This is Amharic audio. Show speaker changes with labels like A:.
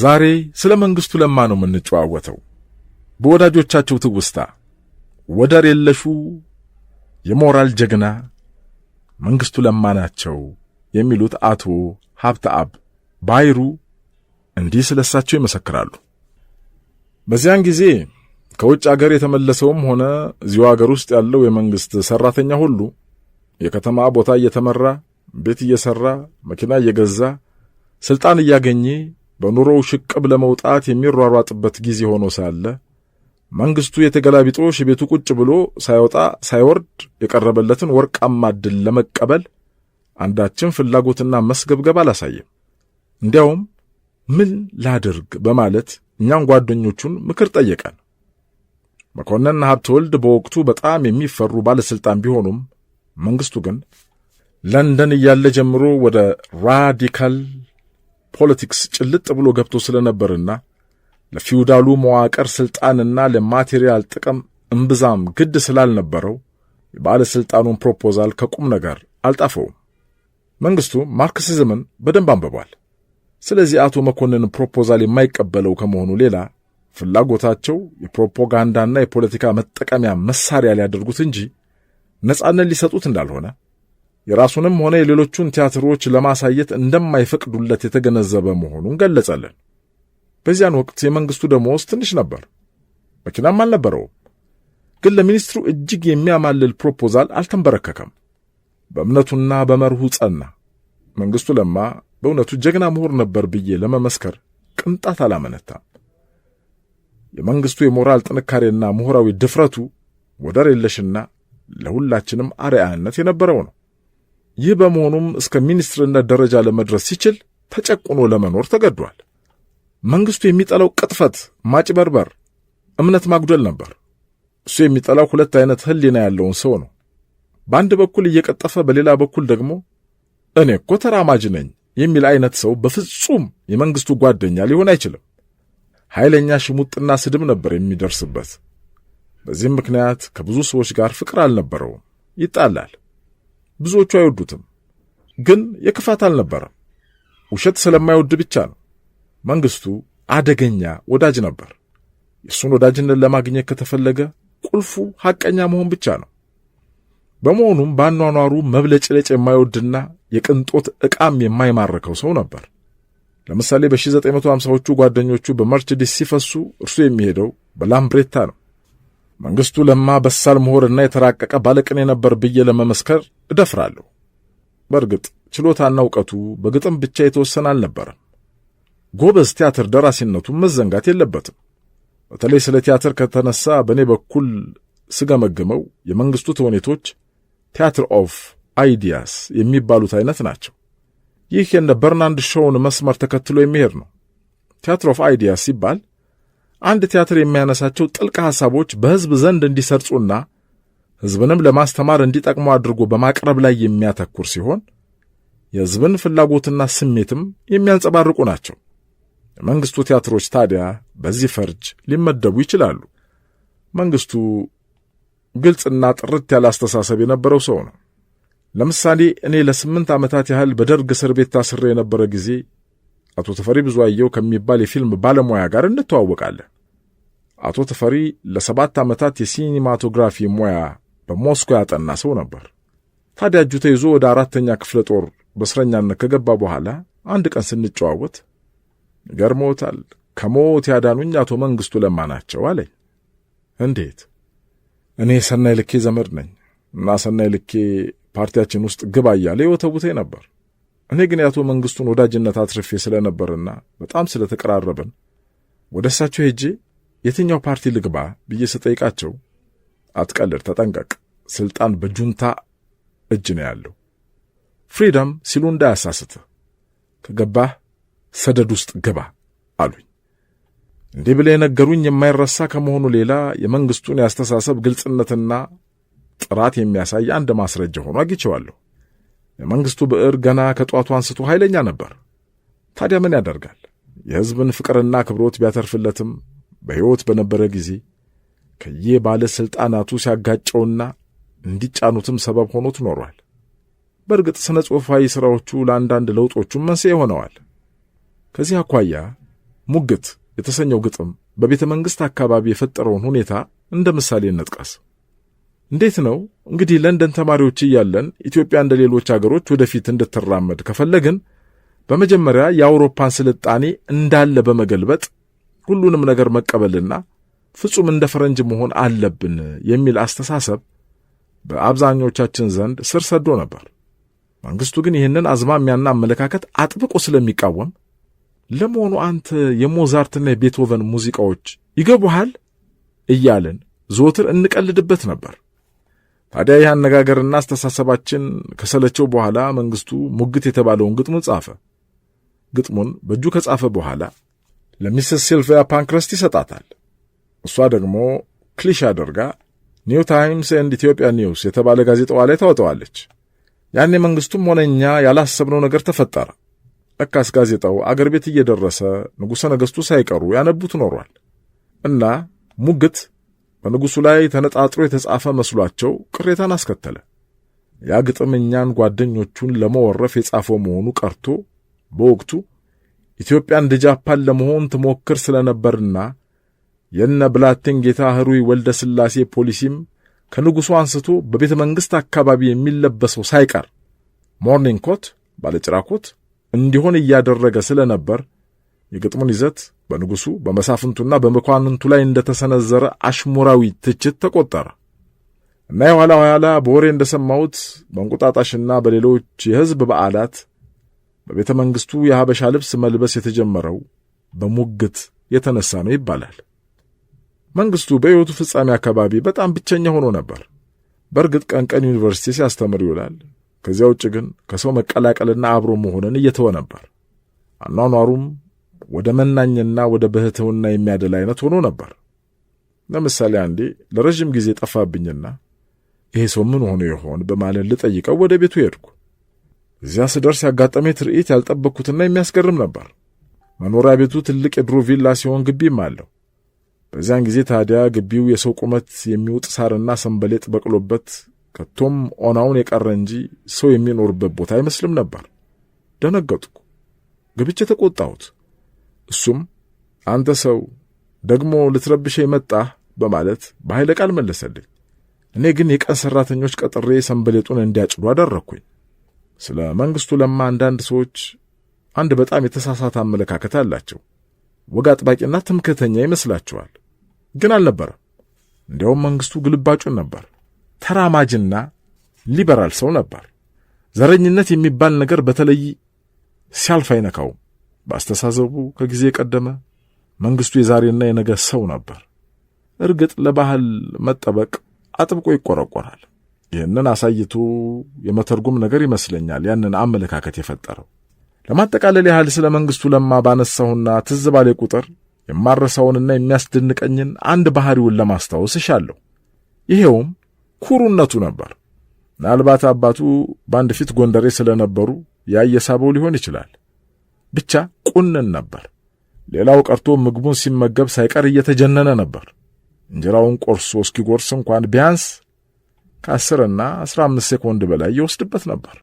A: ዛሬ ስለ መንግሥቱ ለማ ነው የምንጨዋወተው። በወዳጆቻቸው ትውስታ ወደር የለሹ የሞራል ጀግና መንግሥቱ ለማ ናቸው የሚሉት አቶ አብ ባይሩ እንዲህ ስለሳቸው ይመሰክራሉ። በዚያን ጊዜ ከውጭ አገር የተመለሰውም ሆነ እዚሁ አገር ውስጥ ያለው የመንግሥት ሠራተኛ ሁሉ የከተማ ቦታ እየተመራ ቤት እየሠራ መኪና እየገዛ ሥልጣን እያገኘ በኑሮው ሽቅብ ለመውጣት የሚሯሯጥበት ጊዜ ሆኖ ሳለ መንግሥቱ የተገላቢጦሽ ቤቱ ቁጭ ብሎ ሳይወጣ ሳይወርድ የቀረበለትን ወርቃማ ዕድል ለመቀበል አንዳችን ፍላጎትና መስገብገብ አላሳየም። እንዲያውም ምን ላድርግ በማለት እኛን ጓደኞቹን ምክር ጠየቀን። መኮንን ሀብተወልድ በወቅቱ በጣም የሚፈሩ ባለሥልጣን ቢሆኑም መንግሥቱ ግን ለንደን እያለ ጀምሮ ወደ ራዲካል ፖለቲክስ ጭልጥ ብሎ ገብቶ ስለነበርና ለፊውዳሉ መዋቅር ስልጣንና ለማቴሪያል ጥቅም እምብዛም ግድ ስላልነበረው የባለሥልጣኑን ፕሮፖዛል ከቁም ነገር አልጣፈውም። መንግሥቱ ማርክሲዝምን በደንብ አንብቧል። ስለዚህ አቶ መኮንንን ፕሮፖዛል የማይቀበለው ከመሆኑ ሌላ ፍላጎታቸው የፕሮፓጋንዳና የፖለቲካ መጠቀሚያ መሳሪያ ሊያደርጉት እንጂ ነጻነት ሊሰጡት እንዳልሆነ የራሱንም ሆነ የሌሎቹን ቲያትሮች ለማሳየት እንደማይፈቅዱለት የተገነዘበ መሆኑን ገለጸልን። በዚያን ወቅት የመንግሥቱ ደሞዝ ትንሽ ነበር፣ መኪናም አልነበረውም። ግን ለሚኒስትሩ እጅግ የሚያማልል ፕሮፖዛል አልተንበረከከም። በእምነቱና በመርሁ ጸና። መንግሥቱ ለማ በእውነቱ ጀግና ምሁር ነበር ብዬ ለመመስከር ቅንጣት አላመነታም። የመንግሥቱ የሞራል ጥንካሬና ምሁራዊ ድፍረቱ ወደር የለሽና ለሁላችንም አርአያነት የነበረው ነው። ይህ በመሆኑም እስከ ሚኒስትርነት ደረጃ ለመድረስ ሲችል ተጨቁኖ ለመኖር ተገዷል። መንግስቱ የሚጠላው ቅጥፈት፣ ማጭበርበር፣ እምነት ማጉደል ነበር። እሱ የሚጠላው ሁለት አይነት ህሊና ያለውን ሰው ነው። በአንድ በኩል እየቀጠፈ በሌላ በኩል ደግሞ እኔ እኮ ተራማጅ ነኝ የሚል አይነት ሰው በፍጹም የመንግስቱ ጓደኛ ሊሆን አይችልም። ኃይለኛ ሽሙጥና ስድብ ነበር የሚደርስበት። በዚህም ምክንያት ከብዙ ሰዎች ጋር ፍቅር አልነበረውም፣ ይጣላል። ብዙዎቹ አይወዱትም። ግን የክፋት አልነበረም። ውሸት ስለማይወድ ብቻ ነው። መንግስቱ አደገኛ ወዳጅ ነበር። የእሱን ወዳጅነት ለማግኘት ከተፈለገ ቁልፉ ሐቀኛ መሆን ብቻ ነው። በመሆኑም በአኗኗሩ መብለጭለጭ የማይወድና የቅንጦት ዕቃም የማይማርከው ሰው ነበር። ለምሳሌ በ1950ዎቹ ጓደኞቹ በመርችዲስ ሲፈሱ እርሱ የሚሄደው በላምብሬታ ነው። መንግስቱ ለማ በሳል ምሁርና የተራቀቀ ባለቅኔ ነበር ብዬ ለመመስከር እደፍራለሁ። በእርግጥ ችሎታና እውቀቱ በግጥም ብቻ የተወሰነ አልነበረም። ጎበዝ ቲያትር ደራሲነቱን መዘንጋት የለበትም። በተለይ ስለ ቲያትር ከተነሳ በእኔ በኩል ስገመግመው የመንግሥቱ ተውኔቶች ቲያትር ኦፍ አይዲያስ የሚባሉት አይነት ናቸው። ይህ የነ በርናንድ ሾውን መስመር ተከትሎ የሚሄድ ነው። ቲያትር ኦፍ አይዲያስ ሲባል አንድ ቲያትር የሚያነሳቸው ጥልቅ ሐሳቦች በሕዝብ ዘንድ እንዲሰርጹና ሕዝብንም ለማስተማር እንዲጠቅሙ አድርጎ በማቅረብ ላይ የሚያተኩር ሲሆን የሕዝብን ፍላጎትና ስሜትም የሚያንጸባርቁ ናቸው። የመንግሥቱ ቲያትሮች ታዲያ በዚህ ፈርጅ ሊመደቡ ይችላሉ። መንግሥቱ ግልጽና ጥርት ያለ አስተሳሰብ የነበረው ሰው ነው። ለምሳሌ እኔ ለስምንት ዓመታት ያህል በደርግ እስር ቤት ታስሬ የነበረ ጊዜ አቶ ተፈሪ ብዙአየው ከሚባል የፊልም ባለሙያ ጋር እንተዋወቃለን። አቶ ተፈሪ ለሰባት ዓመታት የሲኒማቶግራፊ ሙያ በሞስኮ ያጠና ሰው ነበር። ታዲያ እጁ ተይዞ ወደ አራተኛ ክፍለ ጦር በእስረኛነት ከገባ በኋላ አንድ ቀን ስንጨዋወት ገርሞታል። ከሞት ያዳኑኝ አቶ መንግስቱ ለማ ናቸው አለኝ። እንዴት? እኔ ሰናይ ልኬ ዘመድ ነኝ እና ሰናይ ልኬ ፓርቲያችን ውስጥ ግባ እያለ የወተቡቴ ነበር። እኔ ግን የአቶ መንግስቱን ወዳጅነት አትርፌ ስለነበርና በጣም ስለተቀራረብን ወደ እሳቸው ሄጄ የትኛው ፓርቲ ልግባ ብዬ ስጠይቃቸው አትቀልድ፣ ተጠንቀቅ ስልጣን በጁንታ እጅ ነው ያለው። ፍሪደም ሲሉ እንዳያሳስትህ ከገባህ ሰደድ ውስጥ ግባ አሉኝ። እንዲህ ብለ የነገሩኝ የማይረሳ ከመሆኑ ሌላ የመንግሥቱን የአስተሳሰብ ግልጽነትና ጥራት የሚያሳይ አንድ ማስረጃ ሆኖ አግኝቼዋለሁ። የመንግሥቱ ብዕር ገና ከጧቱ አንስቶ ኃይለኛ ነበር። ታዲያ ምን ያደርጋል፣ የሕዝብን ፍቅርና አክብሮት ቢያተርፍለትም በሕይወት በነበረ ጊዜ ከየ ባለ ሥልጣናቱ ሲያጋጨውና እንዲጫኑትም ሰበብ ሆኖት ኖሯል። በእርግጥ ስነ ጽሑፋዊ ሥራዎቹ ለአንዳንድ ለውጦቹም መንስኤ ሆነዋል። ከዚህ አኳያ ሙግት የተሰኘው ግጥም በቤተ መንግሥት አካባቢ የፈጠረውን ሁኔታ እንደ ምሳሌ እንጥቀስ። እንዴት ነው እንግዲህ ለንደን ተማሪዎች እያለን ኢትዮጵያ እንደ ሌሎች አገሮች ወደፊት እንድትራመድ ከፈለግን በመጀመሪያ የአውሮፓን ስልጣኔ እንዳለ በመገልበጥ ሁሉንም ነገር መቀበልና ፍጹም እንደ ፈረንጅ መሆን አለብን የሚል አስተሳሰብ በአብዛኞቻችን ዘንድ ስር ሰዶ ነበር። መንግስቱ ግን ይህንን አዝማሚያና አመለካከት አጥብቆ ስለሚቃወም ለመሆኑ አንተ የሞዛርትና የቤትሆቨን ሙዚቃዎች ይገቡሃል እያልን ዘወትር እንቀልድበት ነበር። ታዲያ ይህ አነጋገርና አስተሳሰባችን ከሰለቸው በኋላ መንግስቱ ሙግት የተባለውን ግጥሙን ጻፈ። ግጥሙን በእጁ ከጻፈ በኋላ ለሚስስ ሲልቪያ ፓንክረስት ይሰጣታል። እሷ ደግሞ ክሊሽ አድርጋ ኒው ታይምስ ኤንድ ኢትዮጵያ ኒውስ የተባለ ጋዜጣዋ ላይ ታወጣዋለች። ያኔ መንግሥቱም ሆነ እኛ ያላሰብነው ነገር ተፈጠረ። ለካስ ጋዜጣው አገር ቤት እየደረሰ ንጉሠ ነገሥቱ ሳይቀሩ ያነቡት ኖሯል እና ሙግት በንጉሡ ላይ ተነጣጥሮ የተጻፈ መስሏቸው ቅሬታን አስከተለ። ያ ግጥም እኛን ጓደኞቹን ለመወረፍ የጻፈው መሆኑ ቀርቶ በወቅቱ ኢትዮጵያ እንደ ጃፓን ለመሆን ትሞክር ስለነበርና የነ ብላቴን ጌታ ህሩይ ወልደ ሥላሴ ፖሊሲም ከንጉሡ አንስቶ በቤተ መንግሥት አካባቢ የሚለበሰው ሳይቀር ሞርኒንግ ኮት ባለጭራ ኮት እንዲሆን እያደረገ ስለነበር የግጥሙን ይዘት በንጉሡ በመሳፍንቱና በመኳንንቱ ላይ እንደተሰነዘረ አሽሙራዊ ትችት ተቆጠረ እና የኋላ ኋላ በወሬ እንደሰማሁት በእንቁጣጣሽና በሌሎች የሕዝብ በዓላት በቤተ መንግሥቱ የሐበሻ ልብስ መልበስ የተጀመረው በሙግት የተነሳ ነው ይባላል። መንግስቱ በሕይወቱ ፍጻሜ አካባቢ በጣም ብቸኛ ሆኖ ነበር። በእርግጥ ቀን ቀን ዩኒቨርሲቲ ሲያስተምር ይውላል። ከዚያ ውጭ ግን ከሰው መቀላቀልና አብሮ መሆንን እየተወ ነበር። አኗኗሩም ወደ መናኝና ወደ ብህትውና የሚያደል አይነት ሆኖ ነበር። ለምሳሌ አንዴ ለረዥም ጊዜ ጠፋብኝና ይሄ ሰው ምን ሆኖ ይሆን በማለት ልጠይቀው ወደ ቤቱ ሄድኩ። እዚያ ስደርስ ያጋጠመኝ ትርኢት ያልጠበቅኩትና የሚያስገርም ነበር። መኖሪያ ቤቱ ትልቅ የድሮ ቪላ ሲሆን ግቢም አለው። በዚያን ጊዜ ታዲያ ግቢው የሰው ቁመት የሚውጥ ሳርና ሰንበሌጥ በቅሎበት ከቶም ኦናውን የቀረ እንጂ ሰው የሚኖርበት ቦታ አይመስልም ነበር። ደነገጥኩ። ገብቼ ተቆጣሁት። እሱም አንተ ሰው ደግሞ ልትረብሸ መጣህ በማለት በኃይለ ቃል መለሰልኝ። እኔ ግን የቀን ሠራተኞች ቀጥሬ ሰንበሌጡን እንዲያጭዱ አደረግኩኝ። ስለ መንግሥቱ ለማ አንዳንድ ሰዎች አንድ በጣም የተሳሳተ አመለካከት አላቸው። ወግ አጥባቂና ትምክህተኛ ይመስላችኋል። ግን አልነበረም። እንዲያውም መንግስቱ ግልባጩን ነበር። ተራማጅና ሊበራል ሰው ነበር። ዘረኝነት የሚባል ነገር በተለይ ሲያልፍ አይነካውም። በአስተሳሰቡ ከጊዜ ቀደመ መንግስቱ የዛሬና የነገ ሰው ነበር። እርግጥ ለባህል መጠበቅ አጥብቆ ይቆረቆራል። ይህንን አሳይቶ የመተርጉም ነገር ይመስለኛል ያንን አመለካከት የፈጠረው። ለማጠቃለል ያህል ስለ መንግስቱ ለማ ባነሳሁና ትዝ ባለ ቁጥር የማረሳውንና የሚያስደንቀኝን አንድ ባህሪውን ለማስታወስ እሻለሁ። ይሄውም ኩሩነቱ ነበር። ምናልባት አባቱ በአንድ ፊት ጎንደሬ ስለነበሩ ያየሳበው ሊሆን ይችላል። ብቻ ቁንን ነበር። ሌላው ቀርቶ ምግቡን ሲመገብ ሳይቀር እየተጀነነ ነበር። እንጀራውን ቆርሶ እስኪጎርስ እንኳን ቢያንስ ከአስርና አስራ አምስት ሴኮንድ በላይ ይወስድበት ነበር።